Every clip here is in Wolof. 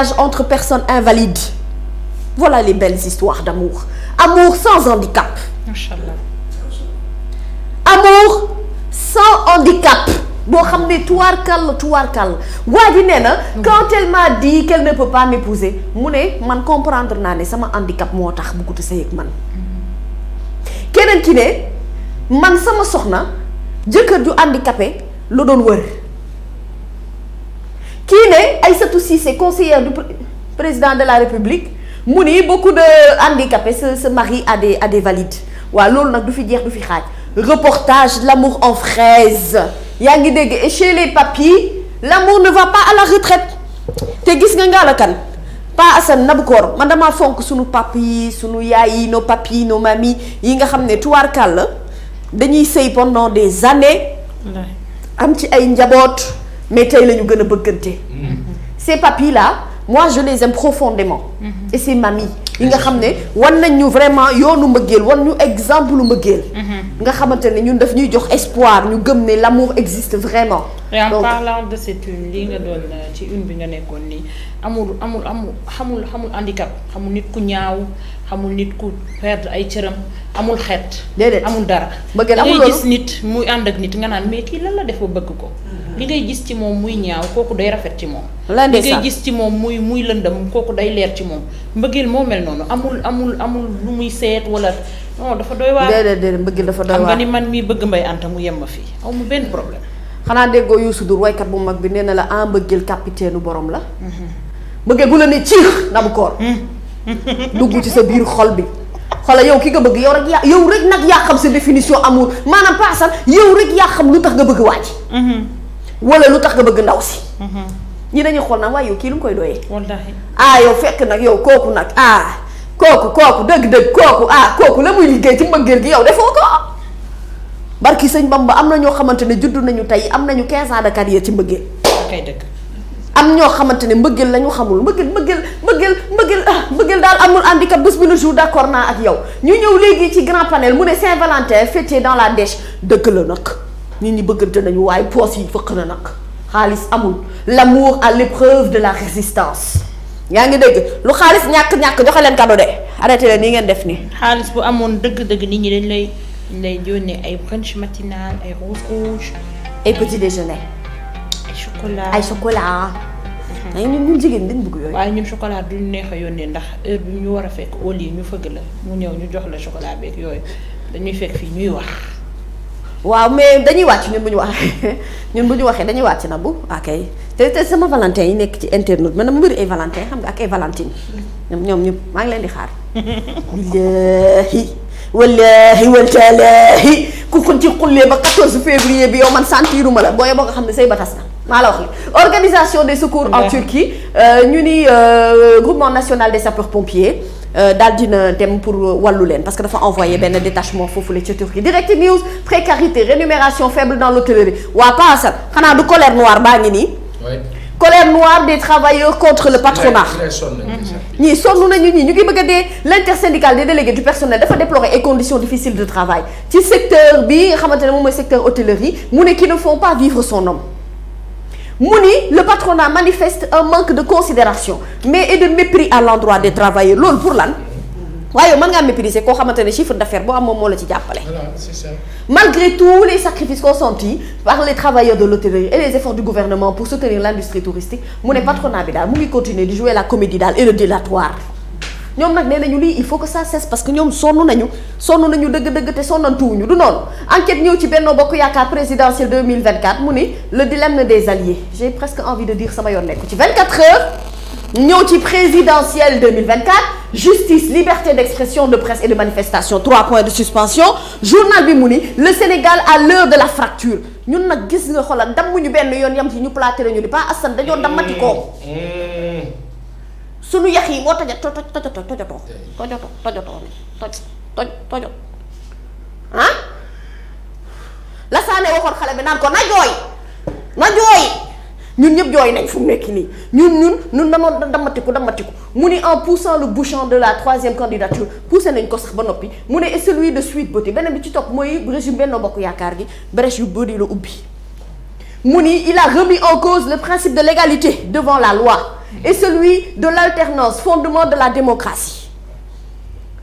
mariage entre personnes invalides voilà les belles histoires d'amour amour sans handicap Inch'Allah amour sans handicap boo xam ne tuwaarkal tuwaarkal waa ji nee na mm-hmm. quand elle m'a ne peut m'épouser mu ne man comprendre naa ne sama handicap moo tax bu gudd sëy ak man mm-hmm. keneen ki ne man sama soxna jëkkër ju handicapé la doon wër kii ne Aïssatou Cissé conseillère du président de la République mu ni beaucoup de handicapés se se marient à des à des valides waaw loolu nag du fi jeex du fi xaaj reportage l'amour en fraise yaa ngi dégg et chez l'amour ne va pas à la retraite te gis nga ngaa la kan Pa Assane Nabukoor man damaa fonk sunu pap yi sunu yaay yi nos papi yi mami yi nga xam ne tuwaarkàll la dañuy sëy pendant des années am ci ay njaboot mais tey la ñu gën a bëggante. Mm-hmm. ces papis là moi je les aime profondément. Mm-hmm. et ces mamies yi nga xam ne wan nañ ñu vraiment yoonu mbëggeel wan ñu exemple lu mbëggeel. Mm-hmm. nga xamante ne ñun daf ñuy jox espoir ñu gëm ne l'amour existe vraiment. Et en donc parlant de cette une nga doon euh, ci une bi nga nekkoon nii amul amul amul xamul xamul handicap xamul nit ku ñaaw xamul nit ku perdre ay cëram amul xeet. déedéet amul dara. mbëggeel amul loolu gis nit muy ànd ak nit naan mais kii lan la def ba ko. li ngay gis ci moom muy ñaaw kooku day rafet ci moom li ngay gis ci moom muy muy lëndam kooku day leer ci moom mbëggeel moo mel noonu amul amul amul lu muy seet wala non dafa doy waar déedéet déedéet mbëggeel dafa doy waar xam nga ni man mii bëgg mbay anta mu yem ma fii mu benn problème xanaa déggoo Youssou Ndour waykat bu mag bi nee na la ah mbëggeel capitaine borom la mhm. mbëggeel la ne ciix ndabu koor mhm. dugg ci sa biir xol bi xoolal yow ki nga bëgg yow rek yaa yow rek nag yaa xam sa définition amour maanaam paasal yow rek yaa xam lu tax nga bëgg waaj wala lu tax nga bëgg ndaw si. Mm-hmm. ñi dañuy xool nag waaye yow kii lu mu koy doyee. wallaahi ah yow fekk nag yow kooku nag ah kooku kooku dëgg-dëgg kooku ah kooku la muy liggéey ci mbëggeel gi yow defoo ko. barki sëñ Bamba am na ñoo xamante ne juddu nañu tey am nañu 15 ans de carrière ci mbëggeel. kay dëgg. am ñoo xamante ne mbëggeel la ñu xamul mbëggeel mbëggeel mbëggeel mbëggeel ah mbëggeel daal amul handicap bés bi le jour d'accord naa ak yow ñu ñëw léegi ci grand panel mu ne Saint-Valentin dans la dèche dëgg la nag. nit ñi bëggante nañu waaye poos yi fëq na nag xaalis amul l'amour à l'épreuve de la résistance yaa ngi dégg lu xaalis ñàkk-ñàkk joxe leen cadeau de arrêté leen nii ngeen def nii. xaalis bu amoon dëgg-dëgg nit ñi dañ lay dañ lay yónnee ay brunch matinal ay rose rouge. ay petit déjeuner. ay chocolat ay chocolat. Mhm. ay ñun ñun jigéen dañ bëgg yooyu. waaye ñun chocolat ñu neex a yónnee ndax heure bi ñu war a fekk au ñu fëgg la mu ñëw ñu jox la chocolat beeg yooyu dañuy fekk fii ñuy wax. waaw mais dañuy wàcc ñun bu ñu waxee ñun bu ñu waxee dañuy wàcc na bu waa te te sama valentin yi nekk ci internet man dama bëri ay valentin xam nga ak ay valentine ñoom ñëpp maa ngi leen di xaar. billaahi wallaahi waltaalaahi ku ko ci xullee ba 14 février bi yow man sentiruma la booy boo nga xam ne say batas na. maa la wax li organisation des secours en Turquie euh, ñu ni euh, groupement national des sapeurs pompiers euh, daal dina dem pour wàllu leen parce que dafa envoyé benn détachement foofu la ca Turquie direct news précarité rémunération faible dans l'hôtellerie waa paasal xanaa du colère noire baa ngi nii colère noire des travailleurs contre le patronat mm-hmm. ñii sonn nañu ñii ñu ngi bëgg a dee l'intersyndicale des délégués du personnel dafa déplorer ay conditions difficiles de travail xamante ne moom mooy secteur hôtellerie mu ne qui ne font mu ni le patronat manifeste un manque de considération mais et de mépris à l'endroit des travailleurs loolu pour lan waaye yow mën ngaa mépriser koo xamante ne chiffre d'affaires boo am moom la ci jàppale. c'est ça. malgré tous les sacrifices consentis par les travailleurs de l'hôtellerie et les efforts du gouvernement pour soutenir l'industrie touristique mu ne patronat bi daal mu ngi continuer di jouer la comédie daal et le dilatoire. ñoom nag nee nañu lii il faut que ça cesse parce que ñoom sonn nañu sonn nañu dëgg-dëgg te sonnantuwuñu du noonu enquête ñëw ci Benno Bokk Yaakaar présidentielle 2024 mu ni le dilemme des alliés j'ai presque envie de dire sama yoon nekku ci 24 heures ñëw ci présidentielle 2024 justice liberté d'expression de presse et de manifestation trois points de suspension journal bi mu ni le Sénégal à l'heure de ñun nag gis nga xoolal dammuñu benn yoon yam ci ñu platé la ñu di pas Assane suñu yax yi moo toja toj tojatoo tojatoo tojatoo tojatoo toj toj tojot ah la saane waxoon xale bi naan ko na jooy na jooy ñun ñëpp jooy nañ fu mu nekk nii ñun ñun ñun danoon damatiku damatiku mu ne en poussant le bouchon de la troisième candidature poussé nañ ko sax ba noppi mu ne et celui de suite bëti beneen bi ci topp mooy régime benn Bokk Yaakaar gi brèche yu bëri ubbi mu ni il a remis en cause le principe de l'égalité devant la loi et celui de l'alternance fondement de la démocratie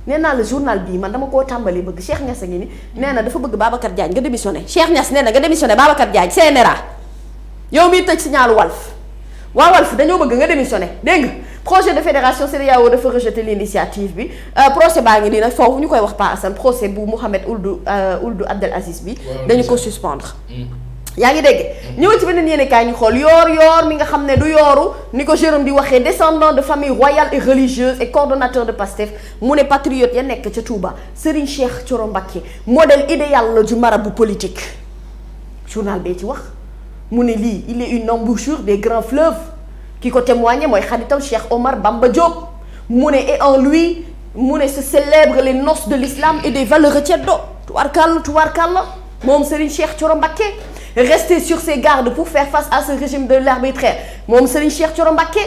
nee naa la journal bii man dama koo tàmbali bëgg Cheikh Niass a ngi ni nee na dafa bëgg Babacar Diagne nga démissionné Cheikh Niass nee na nga démissionné Babacar Diagne CNRA yow miy tëj signalu Walf waa Walf dañoo bëgg nga demi dégg nga projet de fédération CEDEAO dafa rejeté l'initiative bi euh, procès baa ngi nii nag foofu ñu koy wax Pa Assane procès bu Mouhamed Ould euh, Ould Abdel Aziz bi dañu ko suspendre mm. yaa ngi dégg mm-hmm. ñëw ci beneen yéene kaay ñu xool yoor yoor mi nga xam ne du yooru ni ko Jérôme di waxee descendant de famille royale et religieuse et coordonnateur de Pastef mu ne patriote ya nekk ca Touba Serigne Cheikh Thioro Mbacké modèle idéal la du bu politique journal bee ci wax mu ne lii il est une embouchure des grands fleuves ki ko témoigné mooy xaritam Cheikh Omar Bamba Diop mu ne et en lui mu ne se célèbre les noces de l'islam et des valeurs ceddo tubaarkàlla tubaarkàlla moom Serigne Cheikh Thioro Mbacké rester sur ses gardes pour faire face à ce régime de l'arbitraire moom Serigne Cheikh Thioro Mbacké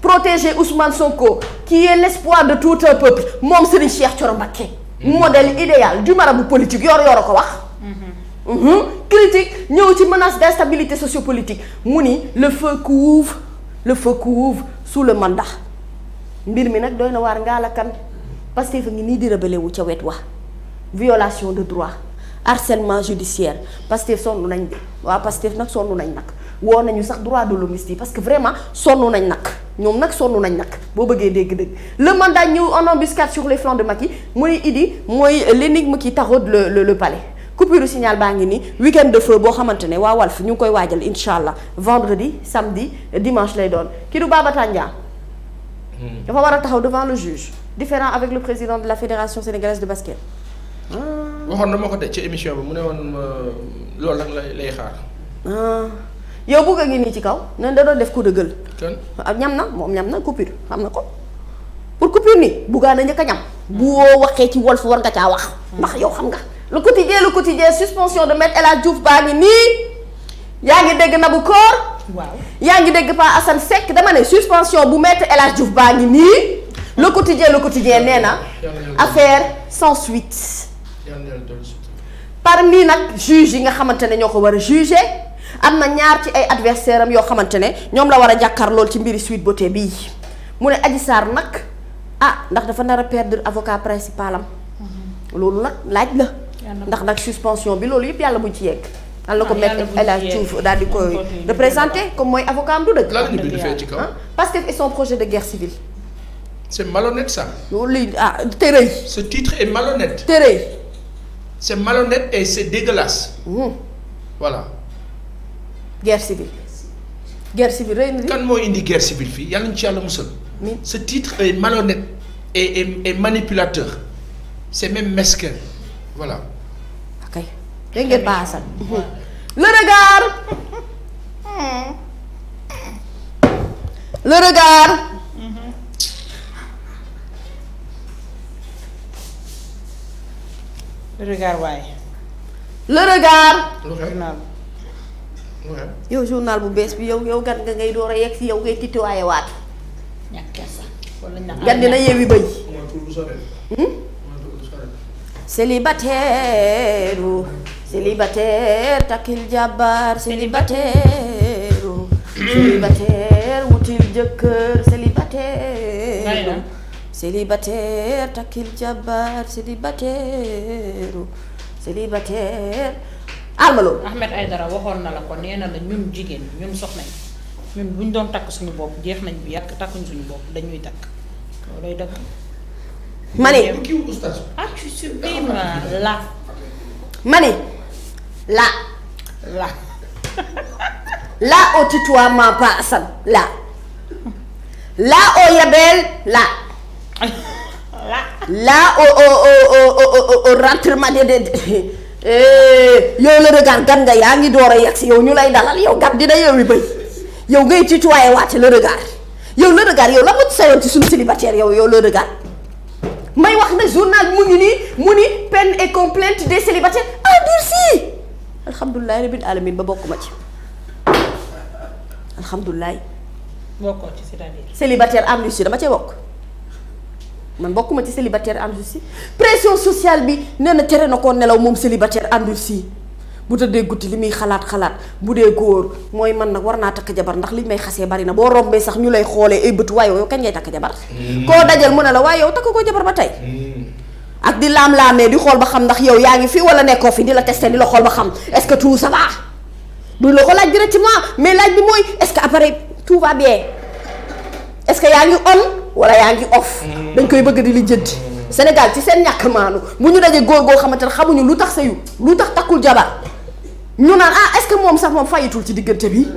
protéger Ousmane Sonko qui est l'espoir de tout un peuple moom Serigne Cheikh Thioro Mbacké mhm. modèle idéal du marabout politique yor yor a ko wax mhm. Mhm. critique ñëw ci menace d'instabilité sociopolitique mu ni le feu couvre le feu couvre sous le mandat mbir mi nag doy na waar ngaa la kan parce que fa ngi nii di rebelle wu ca wet wa violation de droit harcèlement judiciaire Pastef sonn nañ de waaw Pastef nag sonn nañ nag woo nañu sax droit de l'hommiste yi parce que vraiment sonn nañ nag ñoom nag sonn nañ nag boo bëggee dégg-dégg le mandat ñëw en embuscade sur les flancs de Macky mu mooy l'énigme qui taraude le le le palais coupure signal baa ngi nii weekend de feu boo xamante ne waa Walf ñu ngi koy waajal incha allah vendredi samedi dimanche lay doon kii du Baba Tandian hmm. dafa war a taxaw devant le juge différent avec le président la fédération sénégalaise de basket ah. waxoon na ma ko de ci émission bi mu ne woon euh, loolu rek lay lay xaar. Ah. yow bugg a ngi nii ci kaw nan da def coup de gueule. ak ah, ñam na moom ñam na coupure xam na ko pour coupure nii buggaan na njëkk a ñam. bu woo waxee ci Walf war nga caa wax. ndax yow xam nga. le quotidien le quotidien suspension de maître El Hadj Diouf baa ngi nii. yaa ngi dégg Nabou Cor. waaw yaa ngi dégg Pa assan Seck dama ne suspension bu maître El Hadj Diouf baa ngi nii. le quotidien le quotidien nee na affaire sans suite. par parmi nag juge yi nga xamante ne ñoo ko war a jugé am na ñaar ci ay adversaire am yoo xamante ne ñoom la war a jàkkaar lool ci mbiri Sweet Beauté bii mu ne Adji Sarr nag ah ndax dafa nara a perdre avocat principal am mhm. loolu nag laaj la ndax nag suspension bi loolu yëpp yàlla mu ci yegg dan na ko ah, mettre El Hadj Diouf daal di koy représenté comme mooy avocat am du dëgg parce que ils sont projet de guerre civile c'est malhonnête ça loolu ah te rëy ce titre est malhonnête te rëy c'est malhonnête et c'est dégueulasse. Mmh. voilà. guerre civile. guerre civile rëy na kan moo indi guerre civile fii yàlla ñu ci yàlla musal. ce titre est malhonnête manipulateur c'est même mesquin voilà. ok dégg le regard. Hmm. le regard. regard waaye. le regard. yow journal bu bees bi yow yow gan nga ngay door a yegg si yow ngay titiwaaye waat. ñàkk dina yeewi bëy. Hmm? célibataire célibataire takkil jabar célibataire wutil jëkkër célibataire célibataire takkil jabar célibataire célibataire almaloo Ahmed Aïdara waxoon na la ko nee na la ñun jigéen ñun soxna yi ñun bu ñu doon takk suñu bopp jeex nañ bu yàgg takkuñ suñu bopp dañuy takk loolooy dëgg ma ne ah, ma la ma la la la au tutoiement pas la la au yabeel la là au au au au rentrement de eh, yow la regard gan nga yaa ngi door a yegg si yow ñu lay dalal yow gab dina yow yi bëy yow ngay tutoyé waate le regard yow le regard yow la ma sa yoon ci suñu célibataire yow yow le regard may wax na journal mu ngi nii mu ni peine et complainte des célibataires endurcie alhamdulilahi rabbil alamin ba bokk ma ci alhamdulilahi bokkoo ci c'est-à-dire célibataire am lu si dama cee bokk man bokkuma ci célibataire àndul si pression sociale bi neena na tere na koo nelaw moom célibataire àndul si bu tëddee guddi li muy xalaat xalaat bu dee góor mooy man nag war naa takk jabar ndax liñ may xasee bari na boo rombee sax ñu lay xoolee ay bët waaye yow kañ ngay takk mm. koo dajal mu ne la waaye yow takk ko jabar ba tey. Mm. ak di laam-laamee di xool ba xam ndax yow yaa ngi fi wala nekkoo fi di la testé di la xool ba xam est-ce que tout ça va. du la ko laaj directement mais laaj bi mooy est-ce que après tout va bien. est-ce que yaa ngi on wala yaa ngi off. Mm. dañ koy bëgg di lijjanti. Sénégal ci seen ñàkk maanu bu ñu dajee góor goo xamante ne xamuñu lu tax sëyu lu tax takkul jabar ñu naan ah est que moom sax moom fayitul ci diggante bi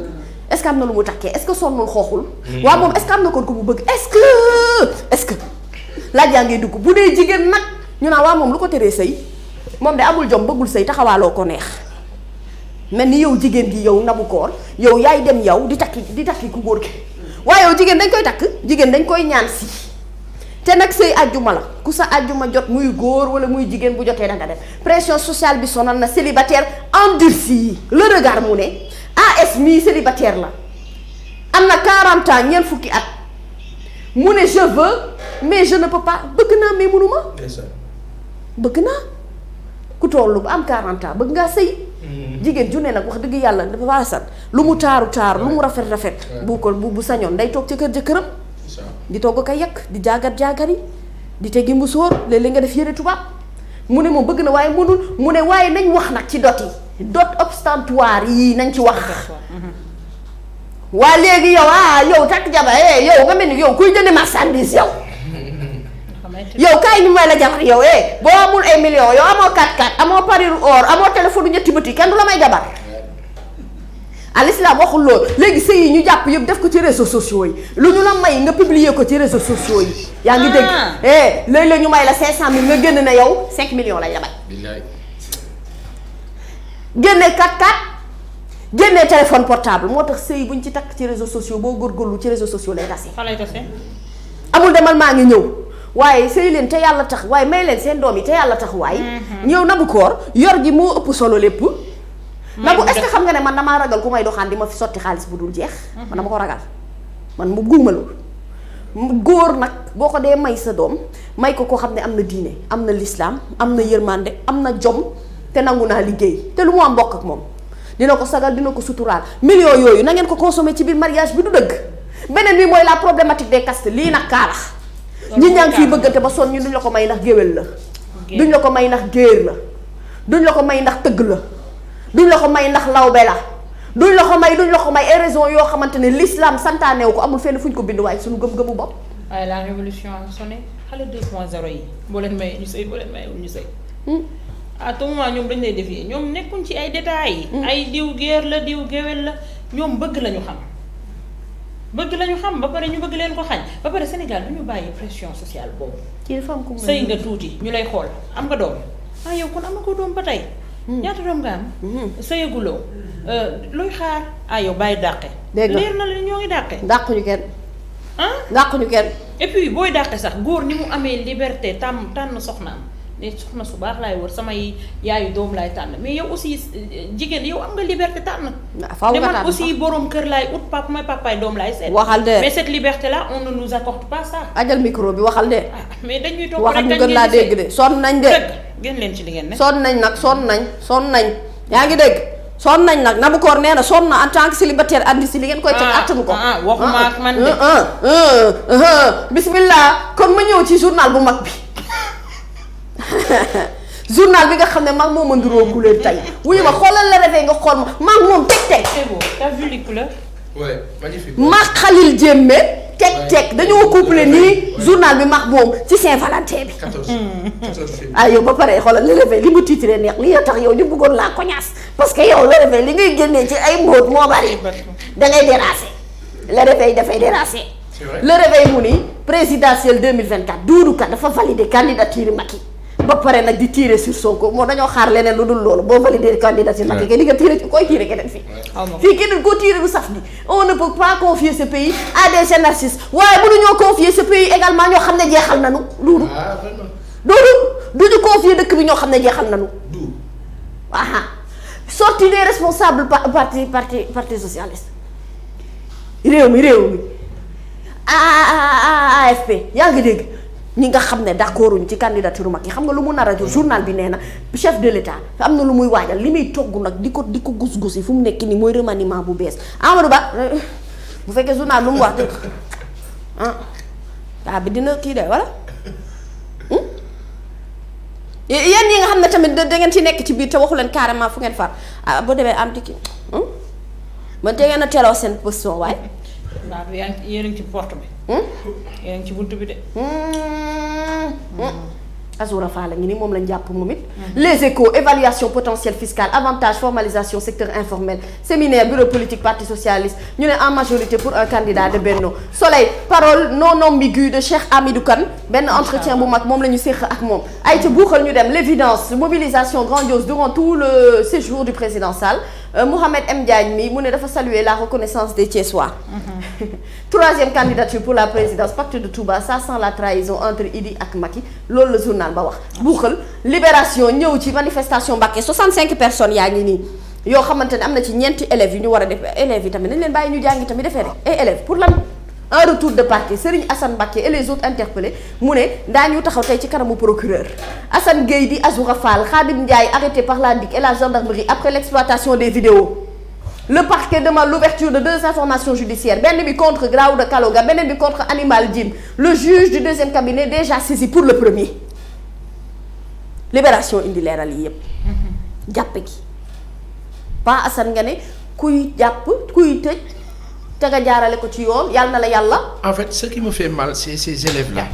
est-ce que am na lu mu takkee est sonnul xooxul. Mm. waaw moom est-ce am na kon ko bu bëgg est-ce que est-ce que laaj yaa ngay dugg bu dee jigéen nag ñu naan waa moom lu ko teree sëy moom de amul jom bëggul sëy taxawaaloo ko neex. mel ni yow jigéen gi yow namu koor yow yaay dem yow di takki di takki ku góor gi. waaye jigéen dañ koy takk jigéen dañ koy ñaan si te nag sëy àjjuma la ku sa àjjuma jot muy góor wala muy jigéen bu jotee da nga def pression sociale bi sonal na célibataire endurci yi le regard mu ne AS mii célibataire la am na 40 ans ñeent fukki at mu ne je veux mais je ne peux pas bëgg naa mais mënuma bëgg naa ku tollu ba am 40 bëgg ngaa sëy jigéen junne nag wax dëgg yàlla dafa san lu mu taaru taar lu mu rafet rafet bu ko bu sañoon day toog ca kër jëkkëram di togg ko yekk di jaagar jaagar yi di teggi mu sóor léeg-léeg nga def yére tubaab mu ne moom bëgg na waaye mënul mu ne waaye nañ wax nag ci dot yi dot obstentoire yi nañ ci wax mhm. waa léegi yow ah yow takk jabar eh, yow nga mel ni yow kuy jënd marchandise yow yow kaay ñu may la jabar yow eh boo amul ay millions yow amoo 4-4 amoo pariru or amoo téléphone ñetti bët yi kenn du la may jabar. alislam waxul loolu léegi sëy yi ñu jàpp yëpp def ko ci réseaux sociaux yi lu ñu la may nga publier ko ci réseaux sociaux yi. yaa ngi dégg ah. eh léeg-léeg ñu may la 500000 nga génn na yow 5 millions lay yabal. génne 4-4 génne téléphone portable moo tax sëy bu ñu ci takk ci réseaux sociaux boo góorgóorlu ci réseaux sociaux lay tase. amul demal maa ngi ñëw. waaye sëy leen te yàlla tax waaye may leen seen doom yi te yàlla tax waaye. ñëw nabu koor yor gi moo ëpp solo lépp. nabu est-ce que xam nga ne man damaa ragal ku may doxaan di ma fi sotti xaalis bu dul jeex. Mhm. man dama ko ragal man mu guuma loolu góor nag boo ko dee may sa doom may ko koo xam ne am na diine am na lislaam am na yërmande am na jom te nangu naa liggéey te lu mu am bokk ak moom dina ko sagal dina ko suturaal millions yooyu na ngeen ko consommer ci biir mariage bi du dëgg beneen bi mooy la problématique des castes lii nag kaalax ñi ñaa ngi fii bëggante ba sonn ñi duñ la ko may ndax géwél la duñ la ko may ndax géer la duñ la ko may ndax tëgg la duñ la ko may ndax lawbe la duñ la ko may duñ la ko may yoo xamante ne l'islam santaanewu ko amul fenn fu ñu ko bind waaye suñu gëm-gëmu bopp waaye la révolution a sonné xale 2.0 yi boo leen may ñu sëy boo leen may ñu sëy hmm? à tout moment ñoom dañ lay defee ñoom nekkuñ ci ay détails yi hmm. ay diw géer la diw géwél la ñoom bëgg lañu xam bëgg la ñu xam ba pare ñu bëgg leen ko xañ ba pare Sénégal du ñu bàyyi pression sociale boobu. ci dafa am ku sëy nga tuuti ñu lay xool am nga doom ah yow kon am nga doom ba tey. Hmm. ñaata doom nga am. Hmm. sëyaguloo euh, looy xaar ah yow bàyyi dàqe. dégg leer na la ñoo ngi dàqe. dàquñu kenn. ah dàquñu kenn. et puis booy dàqe sax góor ni mu amee liberté tàmm tànn soxnaam. ne soxna su baax laay wër samay yaayu doom laay tànn mais yow aussi jigéen yow am nga liberté tànn. Ah, faaw nga tànn aussi borom kër laay ut papa may papaay doom laay seet. waxal de mais cette liberté là on ne nous accorde ajal ah, micro waxal de. Ah, mais dañuy toog rek ñu laa dégg de sonn nañ de. gën leen ci li ngeen ne. sonn nañ nag sonn nañ sonn nañ yaa ngi dégg. sonn nañ nag nabu koor nee na sonn na en tant que célibataire andi si li ngeen koy teg attanu ko waxuma ak man de bismillah kon ma ñëw ci journal bu mag bi journal bi nga xam ne maag moom a nduróo couleur tey wuyu ma xoolal la refee nga xool ma maag moom teg teg. c'est beau t'as vu les couleurs. ouais magnifique. maag Khalil Diémé teg teg dañoo couplé nii journal bi maag moom ci Saint-Valentin bi. 14 14 ah yow ba pare xoolal la refee li mu tiitre neex li ya tax yow ñu bëggoon laa koñaas parce que yow la refee li ngay génnee ci ay mbóot moo bari da ngay déranger la refee dafay déranger. le réveil mu ni présidentielle 2024 Doudou Ka dafa valider ba pare nag di tirer sur Sonko moo dañoo xaar leneen lu dul loolu boo valider candidature nag kay di nga tirer koy tirer keneen fii ah fii keneen koo tirer bu saf bi on ne peut pas confier ce pays à des narcisses waaye mënuñoo confier ce pays également ñoo xam ne jeexal nañu duudu ah, duudu duñu confier dëkk bi ñoo xam ne jeexal nañu aha sorti des responsables parti parti parti socialiste réew mi réew mi AFP yaa ngi dégg ñi nga xam ne d'accorduñ ci candidature Macky xam nga lu mu nar a journal bi nee na chef de l'État am na lu muy waajal li muy togg nag di ko di ko gus-gus yi fu mu nekk nii mooy remaniement bu bees Amadou Ba bu fekkee journal lu mu wax dëgg ah, ah bi dina kii de wala hmm? yéen yi nga xam ne tamit da ngeen ci nekk ci biir te waxu leen carrément fu ngeen far ah boo demee am tiki hmm? man te ngeen a teeloo seen position waaye. waaw yéen bi. yaa ngi ci buntu bi de. Hmm. Azoura ni moom lañ jàpp moom it. Hmm. les échos évaluation potentiel fiscal avantage formalisation secteur informel séminaire bureau politique parti socialiste ñu ne en majorité pour un candidat de Benno Soleil parole non ambiguë de Cheikh Hamidou Kane benn entretien bu mag moom la ñu séq ak moom. ay ca buuxal ñu dem l' évidence mobilisation grandiose durant tout le séjour du président Sall euh, Mohamed M Diagne mi mu ne dafa saluer la reconnaissance des Thiessois. Hmm. troisième candidature pour la présidence pacte de Touba ça sent la trahison entre Idi ak Macky loolu la journal ba wax. buuxal libération ñëw ci manifestation Mbacké 65 personnes yaa ngi nii yoo xamante ne am na ci ñeenti élèves yu ñu war a def élèves yi tamit nañ leen bàyyi ñu jàngi tamit defee rek ay élèves pour lan. un retour de parquet Serigne Assane Mbacké et les autres interpellés mu ne daañu taxaw tey ci kanamu procureur Assane Gueye di Azoura Fall Khadim Ndiaye arrêté par la le parquet demande l'ouverture de deux informations judiciaires benn bi contre Daouda Kaloga beneen bi contre Hannibal Djim le juge du deuxième cabinet déjà saisi pour le premier libération indi leeral yi yépp jàpp gi Pa Assane nga ne kuy jàpp kuy tëj te nga jaarale ko ci yoon yàlla na la yàlla en fait ce qui me fait mal c'est ces élèves là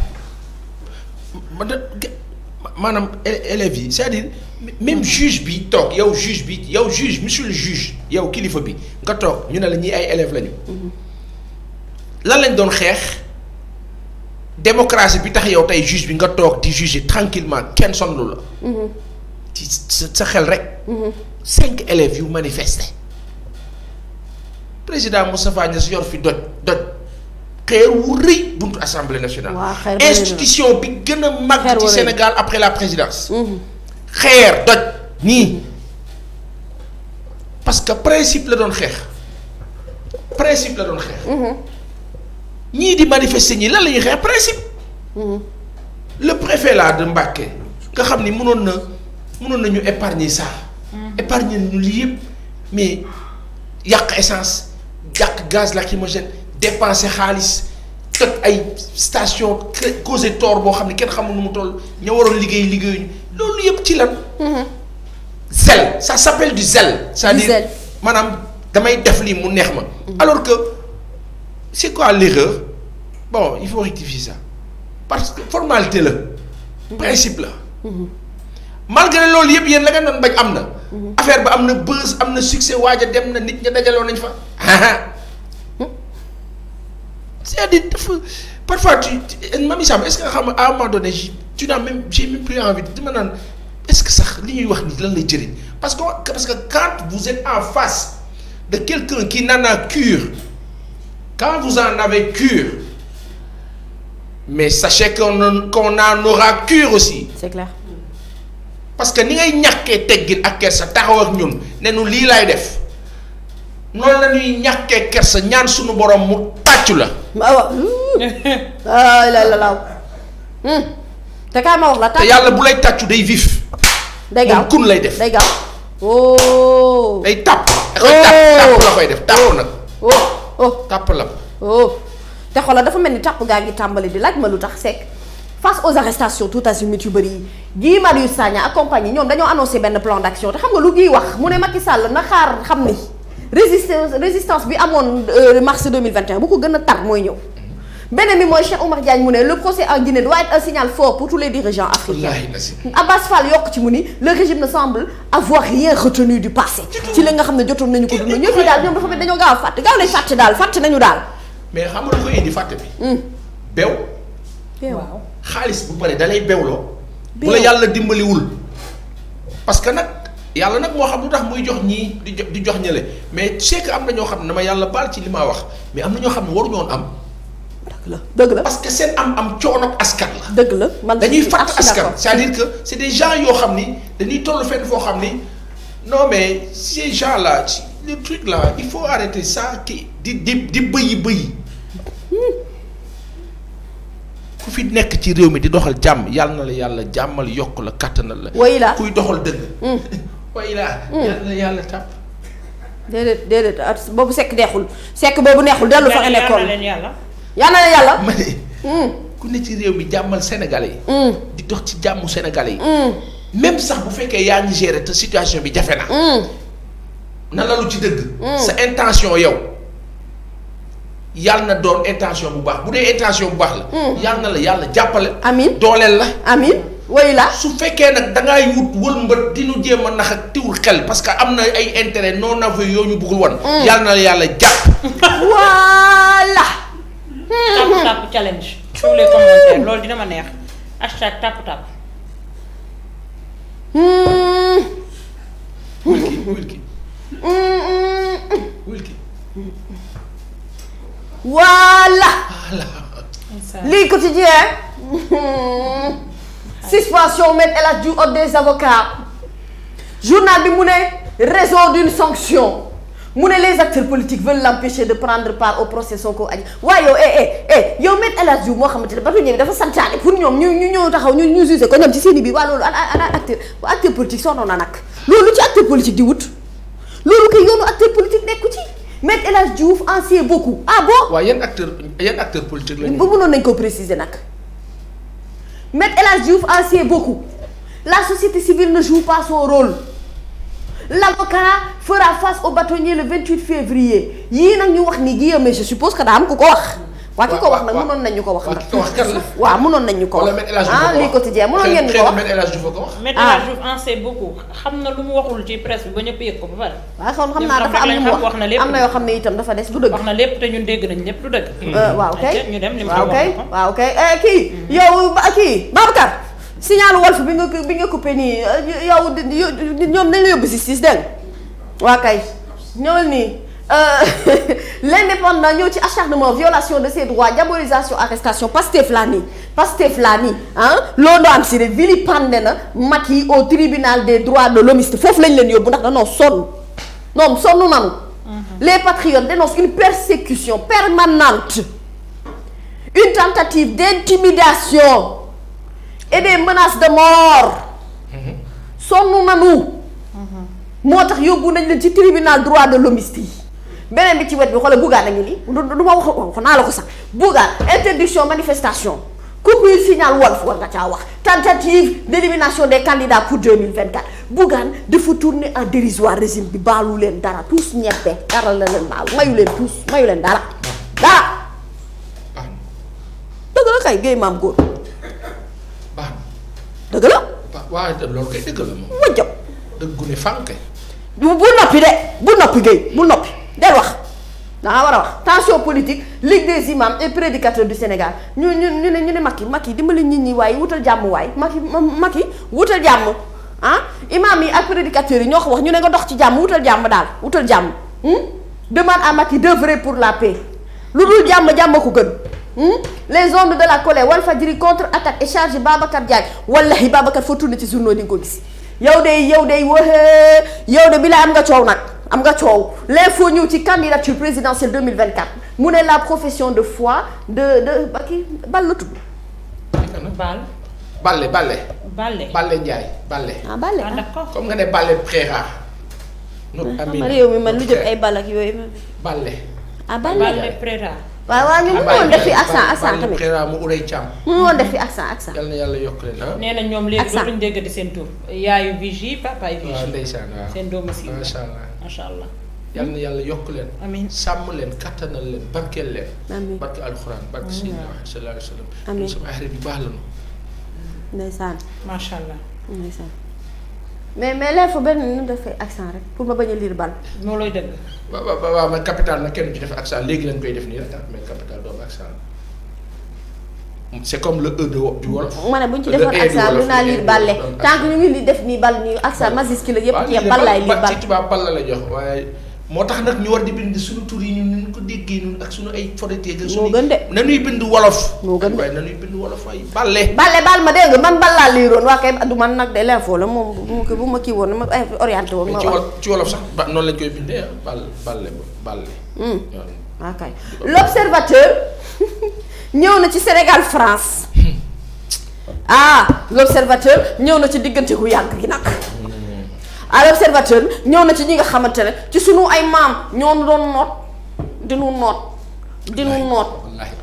maanaam élèves yi c'est-à-dire même juge bi toog yow juge bi yow juge monsieur le juge yow kilifa bi nga toog ñu ne la ñii ay élèves lañu. Mm-hmm. lan lañ doon xeex démocratie bi tax yow tey juge bi nga toog di juger tranquillement kenn sonlu la. Mm-hmm. ci sa xel rek. Mm-hmm. cinq élèves yu manifeste président Moustapha Niasse yor fi doj doj. xeer wu rëy buntu assemblée nationale. institution bi gën a mag. ci Sénégal après la présidence. Mhm. xeer doj nii parce que principe la doon xeex principe la doon xeex. Mhm. ñii di manifester ñi lan la ñuy xeex principe. Mhm. le préfet là de Mbacké nga xam ni mënoon na mënoon nañu épargner ça. épargner ñu lii yëpp mais yàq essence yàq gaz lacrymogène. dépenser xaalis toj ay station causé tort boo xam ne kenn xamul nu mu toll ña waroon liggéey liggéeyuñu loolu yëpp ci lan. Mm-hmm. zèle ça s'appelle du zèle. c'est-à-dire maanaam damay def lii mu neex ma. Mm-hmm. alors que c'est quoi l'erreur bon il faut rectifier ça parce que formalité la. Mm-hmm. principe la. malgré loolu yëpp yéen la nga doon bañ am na. affaire ba am na buzz am na succès waaja dem na nit ña dajaloon nañ fa. c'est-à-dire dafa parfois tu Mamy Samb est-ce que nga xam ne à un moment donné tu naan est-ce que sax li ñuy wax ni lan lay jëriñ parce que parce que quand vous êtes en face de quelqu'un kii naan a cure quand vous en avez cure mais sa qu'on qu'on en aura cure aussi. c'est clair. parce que ni ngay ñàkkee teggin ak kersa taxaw ak ñun ne nu lii laay def noonu la ñuy ñàkkee sa ñaan suñu borom mu tàccu la. waaw ah, la hmm. te kaa ma wax la. te yàlla bu lay tàccu day vif. day gaaw moom kun lay def day gaaw. oh. day tàpp. Oh. tàpp la koy def tàpp nag. oh, oh. la oh dafa mel ni tàpp gaa ngi tàmbali di laaj ma lu tax sekk face aux arrestations tout azimut yu bëri yi Guy Marius Sagna ak compagnie ñoom dañoo annoncé benn plan d'action te xam nga lu Guy wax mu ne Macky Sall na xaar xam ni. résistance résistance bi amoon euh, mars 2021 bu ko gën a tar mooy ñëw beneen bi mooy Cheikh Oumar Diagne mu ne le procès en Guinée doit être un signal fort pour tous les dirigeants africains Abbas Fall yokk ci mu ni le régime ne semble avoir rien retenu du passé ci li nga xam ne jotoon nañu ko dund ñëpp daal ñoom dafa mel dañoo gaaw a fàtte gaaw nañ fàtte daal fàtte nañu daal mais xam nga lu koy fàtte bi hmm. bew waaw xaalis bu pare dalay bewloo bu la yàlla dimbaliwul parce que yàlla nag moo xam lu tax muy jox ñii di jox di jox ñële mais c'est que am na ñoo xam ne dama yàlla baal ci li ma wax mais am na ñoo xam ne waruñoon am. dëgg la dëgg la parce que seen am am coonoog askan la. dëgg la man dañuy fàtt askan c'est-à-dire que c'est des gens yoo xam ni dañuy toll fenn foo xam ni non mais ces gens là ci le truc là il faut di di di bëyi bëyi. ku fi nekk ci réew mi di doxal jàmm yàlla na la yàlla jàmmal yokk la kàttanal la. kuy doxal dëgg. Hmm. way laa. yàlla yàlla tàpp. déedéet déedéet at boobu sekk neexul sekk boobu neexul dellu fa nga nekkoon yàlla leen yàlla. yàlla ma ne. Hmm. ku ne ci réew mi jàmmal senegal yi. Hmm. di dox ci jàmmu Sénégal yi. Hmm. même sax bu fekkee yaa ngi gérer te situation bi jafe na. na lalu ci dëgg. sa intention yow yàlla na doon intention bu baax bu dee intention bu baax la. yàlla na la yàlla jàppale. amiin dooleel la amiin. way la su fekkee nag da ngay wut wëlmbat di nu jéem a nax ak tiwul xel parce que am na ay intérêt non avoué yoo ñu bëggul woon. Mm. yàlla na yàlla jàpp. voilà. tap tap challenge. sous les commentaires loolu dina ma neex. hashtag tap tap. Hmm. wulki wulki. Hmm. wulki. voilà. voilà. lii quotidien. Hmm. suspension Me El Hadji Diouf ordre des avocats journal bi mu ne raison d'une sanction mu ne les acteurs politiques veulent l'empêcher de prendre part au procès Sonko Adji waaye yow eh eh, eh yow Me El Hadji Diouf moo xamante ne ba du ñëwee dafa santaane pour ñoom ñu ñu ñëw taxaw ñu ñu jugé ko ñoom ci seeni bi waa loolu ana acteur waa acteur politique sonnoon na nag loolu ci acteur politique di wut loolu kay yoonu acteur politique nekku ci Me El Hadji Diouf en sait beaucoup ah bon. waaw yan ko préciser nag. Maître El Hadji Diouf en sait beaucoup la société civile ne joue pas son rôle l'avocat fera face au bâtonnier le 28 février yii nag ñu wax ni Guillaume mais je suppose que daa am ku ko wax waaw ki ko wax nag mënoon nañ ñu ko wax nag waaw mënoon ko wax ah lii quotidien mënoon ngeen ko wax Me El Hadji Diouf en ah. sait beaucoup xam na lu mu ko wax am na yoo xam ne itam dafa des du dëgg wax na lépp te ñun dégg nañ lépp du dëgg euh, waaw dem li mu waaw kay waaw kay eh, kii mm-hmm. yow kii Babacar signal Walf bi nga bi nga coupé nii euh, yow ñoom nañ la yóbbu si siis dégg waa kay ñëwal nii Euh, l'indépendant ñëw ci acharnement violation de ses droits diabolisation arrestation Pastef laa nii Pastef laa nii ah loolu am si de vilipende na Macky au tribunal des droits de l'hommiste foofu lañ leen yóbbu ndax dañoo sonn ñoom sonn nanu mhm. les patriotes dénoncent une persécution permanente une tentative d'intimidation et des menaces de mort mhm. sonn nanu mhm. moo tax yóbbu nañ leen ci tribunal droit de l'hommiste yi beneen bi ci wet bi xoolal Bougane a ngi nii du ma wax naa la ko sax Bougane interdiction manifestation coupure signal Walf war nga caa wax tentative d'élimination des candidats pour 2024 Bougane dafa tourner en dérisoire régime bi baalu leen dara tous ñebe dara la leen baalu mayu leen tous mayu leen dara dara dëgg la kay géey maam góor dëgg la waaye dëgg la moom wajjab dëgg gu bu noppi de bu noppi géey bu noppi del wax danga war a wax tension politique ligue des imams et prédicateurs du Sénégal ñu ñu ñu ne ñu ne Macky yi dimbali nit ñi waaye wutal jàmm waay Macky yi wutal jàmm ah imam yi ak prédicateurs yi ñoo ko wax ñu ne nga dox ci jàmm wutal jàmm daal wutal jàmm hmm? demande à Macky d'œuvrer pour la paix lu dul jàmm jàmm ko gën hmm? les ondes de la colère Walfadjri contre-attaque et charge Babacar Diagne wallahi Babacar foo tourné ci journaux di nga ko gis yow de yow de yow de bi la am nga coow nag am nga coow l'info ñëw ci candidature présidentielle 2024 mu ne la profession de foi de de ba kii Bal la tudd. Bal. Balle Balle. Balle Balle Ndiaye Balle. ah Balle ah comme nga ne Balle Préra. nu ah, Amina réew mi man lu jëm ay Bal ak yooyu. Balle. ah Balle Balle Préra. waaw waaw ñun mu ngi woon def fi accent accent tamit xëy mu mu woon def fi accent accent. yal na yàlla yokk leen ah. nee na ñoom léegi dootuñu déggati seen tur. yaayu Vigie papaayu Vigie. waaw seen doomu si. macha allah macha allah. yal yàlla yokk leen. amiin sàmm leen kattanal leen barkeel leen. amiin barke alxuraan barke Seydina Muhammad sallallahu alayhi wa sallam. amiin sama xarit yu baax la ñu. ndeysaan. macha allah mais mais leer fa benn ñu def accent rek pour ma bañ a liir bal. moo looy dëgg. ba ba waaw mais capital nag kenn ci def accent léegi lañ koy def nii rek ah mais capital doomu accent la. c' est comme le e du wolof. ma ne bu e e ñu ci defoon accent lu naa def nii bal nii accent masis ki la yëpp ci yem bal laay liir bal. la la jox waaye. moo tax nag ñu war di bind suñu tur yi ñun ñu ko déggee ñun ak suñu ay foreteeg. moo gën de nañuy bind wolof. moo gën de waaye nañuy bind wolof ay balle. ma dégg nga man bal laa liiroon waa kay du man nag de l'info la moom bu ma kii woon ma orienté woon. ma wax ci wolof sax ba noonu lañ koy bindee balle balle balle. Hmm. waaw kay l'observateur ñëw na ci Sénégal France hmm. ah l'observateur ñëw na ci diggante gu yàgg gi nag. à l'observateur bi ñëw na ci ñi nga xamante ne ci sunu ay maam ñoo doon noot dinu noot dinu noot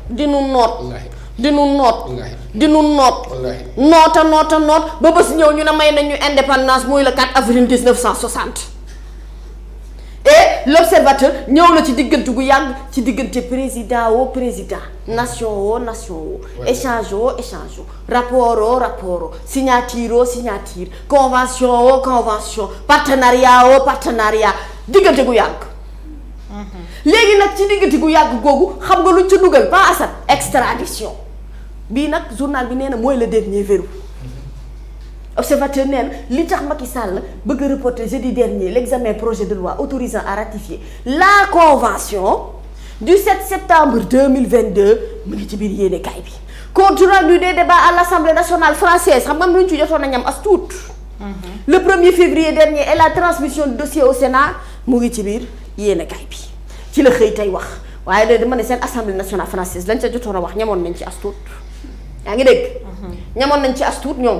dinu noot dinu noot dinu noot noota noota noot ba bés ñëw ñu ne may nañu indépendance muy le 4 avril 1960 et l'observateur ñëw na ci diggante gu yàgg ci diggante président woo président nation woo nation woo échange woo échange woo rapport woo rapport woo signature woo signature convention woo convention partenariat woo partenariat diggante gu yàgg mm-hmm. léegi nag ci diggante gu yàgg googu xam nga luñ ci dugal pas asat extradition bii nag journal bi nee na mooy le dernier verrou observateur nee li tax Macky Sall bëgg reporter jeudi dernier l'examen projet de loi autorisant à ratifier la convention du 7 septembre 2022 mu ngi ci biir yéene kaay bi compte rendu des débats à l'Assemblée nationale française xam nga lu ñu ci mhm. et la transmission du dossier mu ngi ci biir yéene ci la xëy tey wax waaye de dama ne seen assemblée nationale française lañ ca jotoon a wax ñamoon nañ ci as tuut yaa ngi dégg mhm. ñamoon nañ ci as tuut ñoom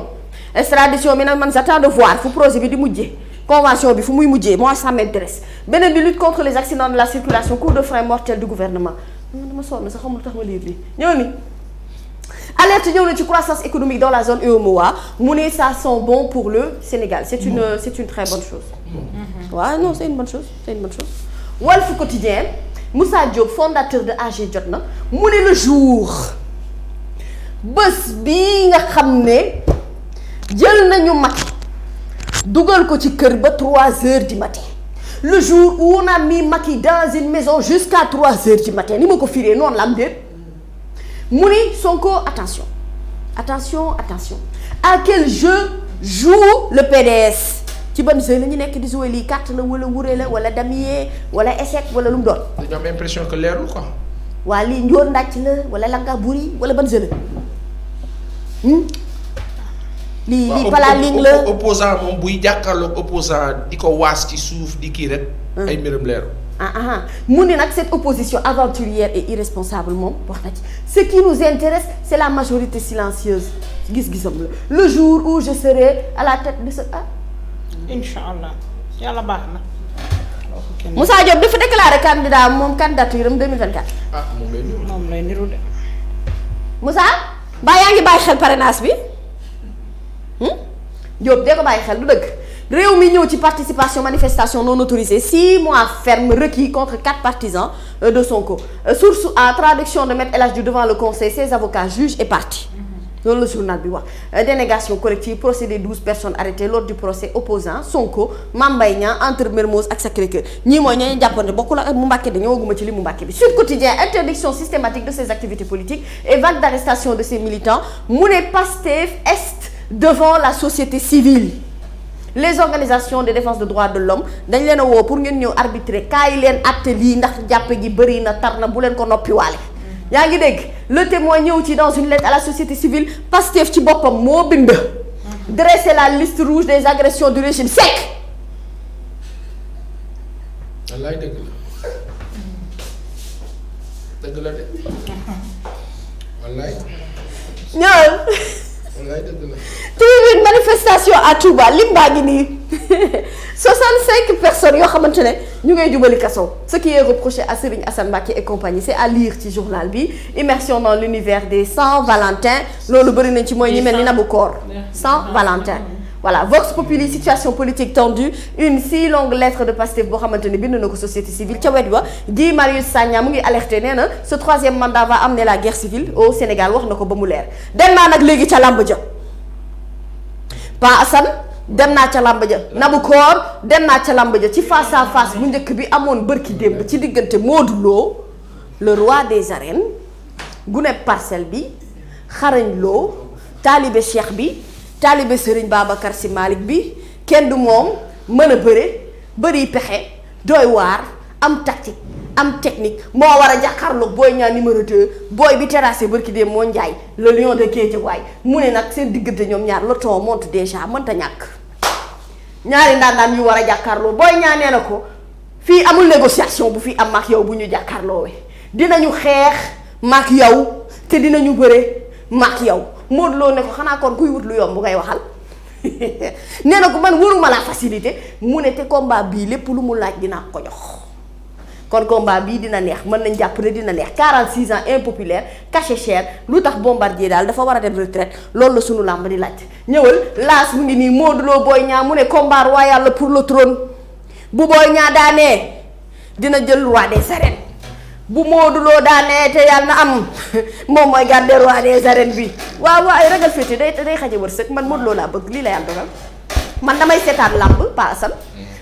extradition bi na man j'attends de voir fu projet bi di mujjee convention bi fu muy mujjee moi ça m'intéresse beneen bi lutte contre les accidents de la circulation coup de frein mortel du gouvernement man dama sonn sax xamul tax ma lire bi ñëw ni alerte ñëw na ci croissance économique dans la zone UEMOA mu ne ça sent bon pour le Sénégal c'est une c'est une très bonne chose waaw mm-hmm. ouais, c'est une bonne chose c'est une bonne chose Walf Quotidien Moussa jot na mu ne le jour jël nañu Macky dugal ko ci kër ba trois heures du matin le jour où on a mis Macky dans une maison jusqu'à trois heures du matin ni ma ko firee noonu la am déet mu ni Sonko attention attention attention à quel jeu joue le PDS ci ban jeu nekk di jouer lii carte la wala wure la wala damier wala échec wala lu mu doon. dañoo am impression que leerul quoi. waa lii njoor ndàcc la wala langa buri wala ban la. Hmm? li li balaling la opposant moom buy jàkkaarloog opposant di ko waas ci suuf di kii rek. Hmm. ay mbiram leeru ah, ah ah mu ne nag cette opposition aventurière et irresponsable moom wax na ci ce qui nous intéresse c'est la majorité silencieuse gis-gisam la le jour où je serai à la tête de ce ah. incha allah yàlla baax na. Moussa Diop dafa déclaré candidat moom candidaturam 2024. Ah, moom lay niru moom de. Moussa mbaa yaa ngi bàyyi xel parrainage bi. Hmm? Diop dee ko bàyyi xel du dëgg réew mi ñëw ci participation manifestation non autorisée six mois ferme requis contre quatre partisans euh, de Sonko euh, source à traduction de Maître El Hadji Diouf devant le conseil ses avocats juges et parties loolu la journal bi wax euh, dénégation collective procédé douze personnes arrêtées lors du procès opposant Sonko Mame entre Mermoz ak Sacré-Cœur ñii mooy ñooñu jàppoon ne bokkul mu Mbàkke dañoo waguma ci li mu Mbàkke bi Sud Quotidien interdiction systématique de ses activités politiques devant la société civile les organisations de défense des droits de l'homme dañ leen a woo pour ngeen ñëw arbitrer kaay leen atte lii ndax jàppe gi bëri na tar na bu leen ko noppiwaale yaa ngi dégg le témoin ñëw ci dans une lettre à la société civile Pastef ci boppam moo bind dresser la liste rouge des agressions du régime sec wallaay dëgg la dëgg la de wallaay ñëw téeméer manifestation à Touba lim baa ngi nii cinq personnes yoo xamante ne ñu ngay jubali kaso ce qui est reproché à Serigne Assane Mbacké et compagnie c'est à lire ci journal bi immersion dans l'univers des Saint-Valentin loolu bëri nañ ci mooy ñi mel ni nabu koor Saint-Valentin voilà Vox Populi situation politique tendue une si longue lettre de Pastef boo xamante ni bind na ko société civile ca wet wa Guy Marius Sagna mu ngi alerté neena na ce troisième mandat va amener la guerre civile au Sénégal wax na ko ba mu leer dem naa nag léegi ca làmb ja Pa Assane dem naa ca làmb ja Nabou Cor dem naa ca làmb ja ci face à face bu njëkk bi amoon bërki démb ci diggante Modou Lo le roi des arènes gune parcelle bi xarañ loo taalibe cheikh bi taalibe sëriñ Babacar Sy Malick bi kenn du moom mën a bëre bëri pexe doy waar am tactique am technique moo war a jàkkaarloog booy ñaa numéro 2 booy bi terrassé barki dem moo njaay le lion de Guédiawaye mu ne nag seen diggante ñoom ñaar le temps monte déjà mënta ñàkk ñaari ndaandaan yu war a jàkkaarloo booy ñaanee na ko fii amul négociation bu fii am maak yow bu ñu jàkkaarloowee dinañu xeex maak yow te dina ñu bëre maak yow Modou Lo ne ko xanaa kon kuy wut lu yomb bu ngay waxal nee na ko man waruma laa facilité mu ne te combat bii lépp lu mu laaj dinaa ko jox kon combat bii dina neex mën nañ jàpp ne dina neex 46 ans impopulaire caché cher lu tax bombardier daal dafa war a dem retraite loolu la sunu làmb di laaj ñëwal laas mu ngi nii Modou Lo Boy Niang mu ne combat royal la pour le trône bu Boy Niang daanee dina jël roi de arènes bu Modou Lo daanee te yàlla na am moom mooy garde roi des arènes bi waaw waaw ay ragal féete day day xaje wërsëg man Modou Lo laa bëgg lii la yàlla dogal man damay seetaan làmb Pa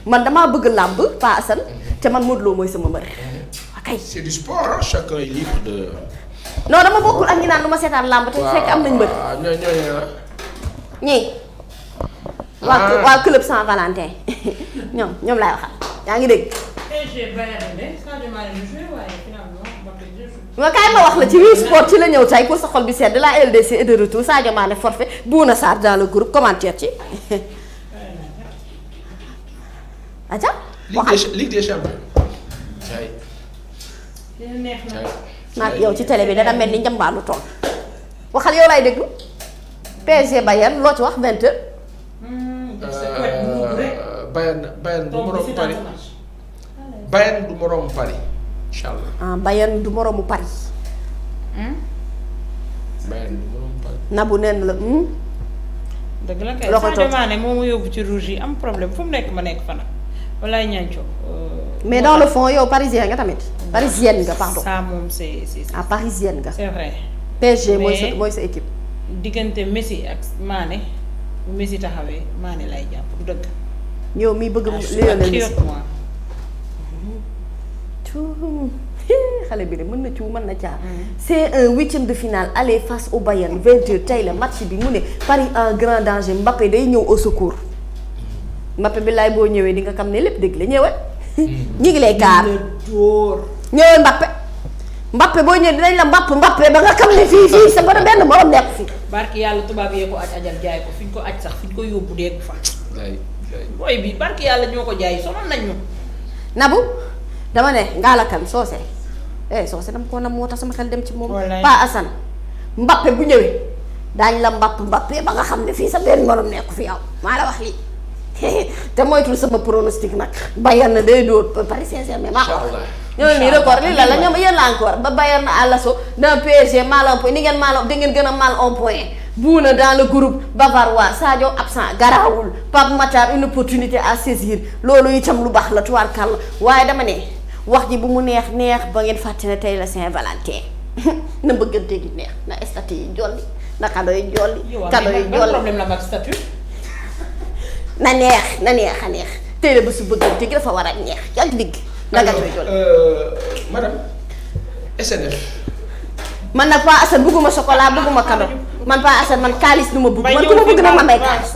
man damaa bëgg làmb Pa te man Modou mooy sama mbër kay c'est du sport chacun dama bokkul ak ñi naan lu ma seetaan làmb te fekk am nañ mbër. waaw ñooñu ñii. waa ah. waa club Saint Valentin ñoom ñoom laay waxal yaa ngi dégg. Eh, nga kaay ma wax la ci Wii Sport ci la ñëw tey pour sa xol bi sedd de la LDC et de retour Sadio Mané forfait Bouna Sarr dans le groupe commentaire ci. aja waxal ci télé bi dana mel ni njambaalu tool waxal yow lay déglu PSG Bayern loo ci wax vingt Euh, Bayern Bayern du moroom Paris Bayern du moroom Paris moroomu Paris. Ah, Bayern du hmm? nen la. Hmm? dëgg la kay sans moo yóbbu ci rouge yi am problème fu mu nekk ma nekk fa nag walaay ñaanco. Euh, mais dans le fond yow parisien nga tamit. parisienne nga pardon ça moom c'est c'est. ah parisienne nga. c'est vrai. mooy sa mooy sa équipe. diggante Messi ak Mané. bu Messi taxawee Mané lay jàpp du dëgg. yow miy bëgg ah, Lionel Messi xale bi de mën na ciw mën na caa. Mm. c'est un huitième de finale aller face au Bayern vingt heures tey la match bi mu ne Paris en grand danger Mbappé day ñëw au secours Mbappé bi laay boo ñëwee di nga xam ne lépp dëgg la ñëwal. Mm. ñu ngi lay kaar Mbappe boo ñëwee dinañ la Mbappe Mbappe ba nga xam ne fii fii sa borom benn borom nekk fi. barki ko aj ajal ko fi ñu ko aj sax fi ñu ko ko fa. booy bi barki yàlla ñoo ko jaay ne ngaalakan soose eh soose dama ko nam moo tax sama xel dem ci moom. Pa Assane Mbappe bu ñëwee daañ la Mbappe Mbappe ba nga xam ne fii sa benn borom fi yow maa la wax lii. te moytul sama pronostic nag Bayern na day dóor Paris Saint-Germain maa ko wax. ñooy nii record lii la la ñoom yéen la encore ba Bayern à l'assaut d'un PSG mal en point ni ngeen mal da ngeen gën a mal en point buuna dans le groupe bavarois Sadio absent garaawul Pape Matar une opportunité à saisir loolu itam lu baax la tuwaar kàll waaye dama ne wax ji bu mu neex neex ba ngeen fàtte ne tey la Saint-Valentin na bëggante gi neex na statut yi jolli na kado yi jolli kado yi jolli problème la mag statut na neex na neex a neex tey la ba su bëggante gi dafa war a neex yaa lan nga koy dolli madame man nag Pa Assane bëgguma chocolat bëgguma carotte man Pa Assane man kaalis lu ma bëgg man ku ma bëgg nag ma may kaalis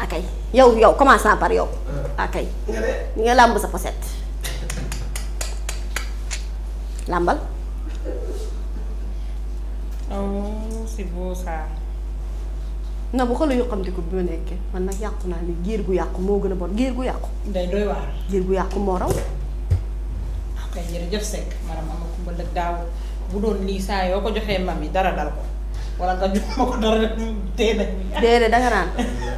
akay ah, yow yow commence par yow akay ah. ah, làmb sa pochette làmbal oh, c'est beau ça na bu ko bi ma nekkee man nag yàqu naa ni giir gu yàqu moo gën a bon giir gu yàqu day gu yàqu moo raw kay jërëjëf Seck maanaam ama kumbal bu doon lii saa yoo ko joxee mam yi dara dal ko wala nga jox ma ko dara tee nag déedéet danga naan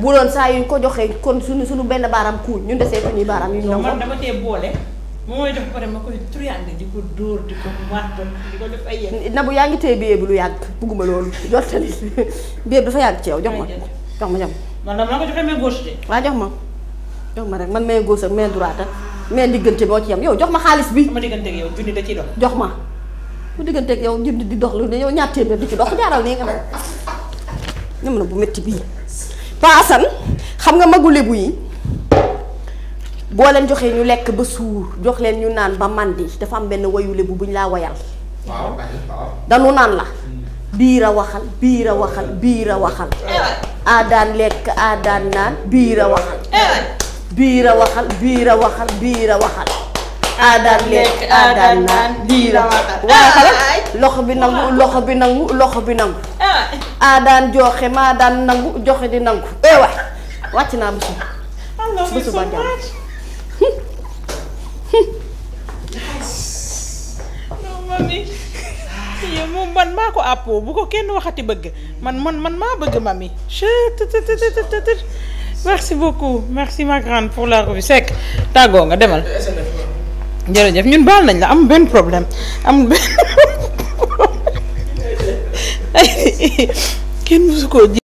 bu doon saa yu ko joxee kon su suñu benn baaraam kuuñ ñun desee suñuy baaraam yu ñu man dama tee boole moom mooy jox pare ma koy truand di ko dóor di ko màtt di ko def ay yéen Nabou yaa ngi téye billet bi lu yàgg bugguma loolu jottali billet bi dafa yàgg ci yow jox ma jox ma jox ma man dama la ko joxee rek man main gauche ak main droite ah. mais diggante boo ci yam yow jox ma xaalis bi. sama diggante ak yow junni da ciy dox. jox ma mu diggante ak yow junni di dox lu ne yow ñaar téeméer di ci dox jaaral nee nga nag ñam a bu métti bii. Pa xam nga magu lébu yi boo leen joxee ñu lekk ba suur jox leen ñu naan ba màndi dafa am benn wayu lébu bu ñu laa woyal danu naan la. Hmm. biir a waxal biir a waxal biir a waxal. Eh aadaan lekk naan biir a waxal. Eh biir a waxal biir a waxal biir a waxal. aadaan lekk aadaan naan biir a waxal. loxo bi nangu loxo bi nangu loxo bi nangu. aadaan joxe maa daan nangu joxe di nangu eh waay wàcc naa bésu. bésu man maa ko àppoo bu ko kenn waxati bëgg man man maa bëgg mami. merci beaucoup merci ma grande pour la revue sec tàggoo nga demal. jërëjëf ñun baal nañ la am benn problème am benn. kenn mësu ko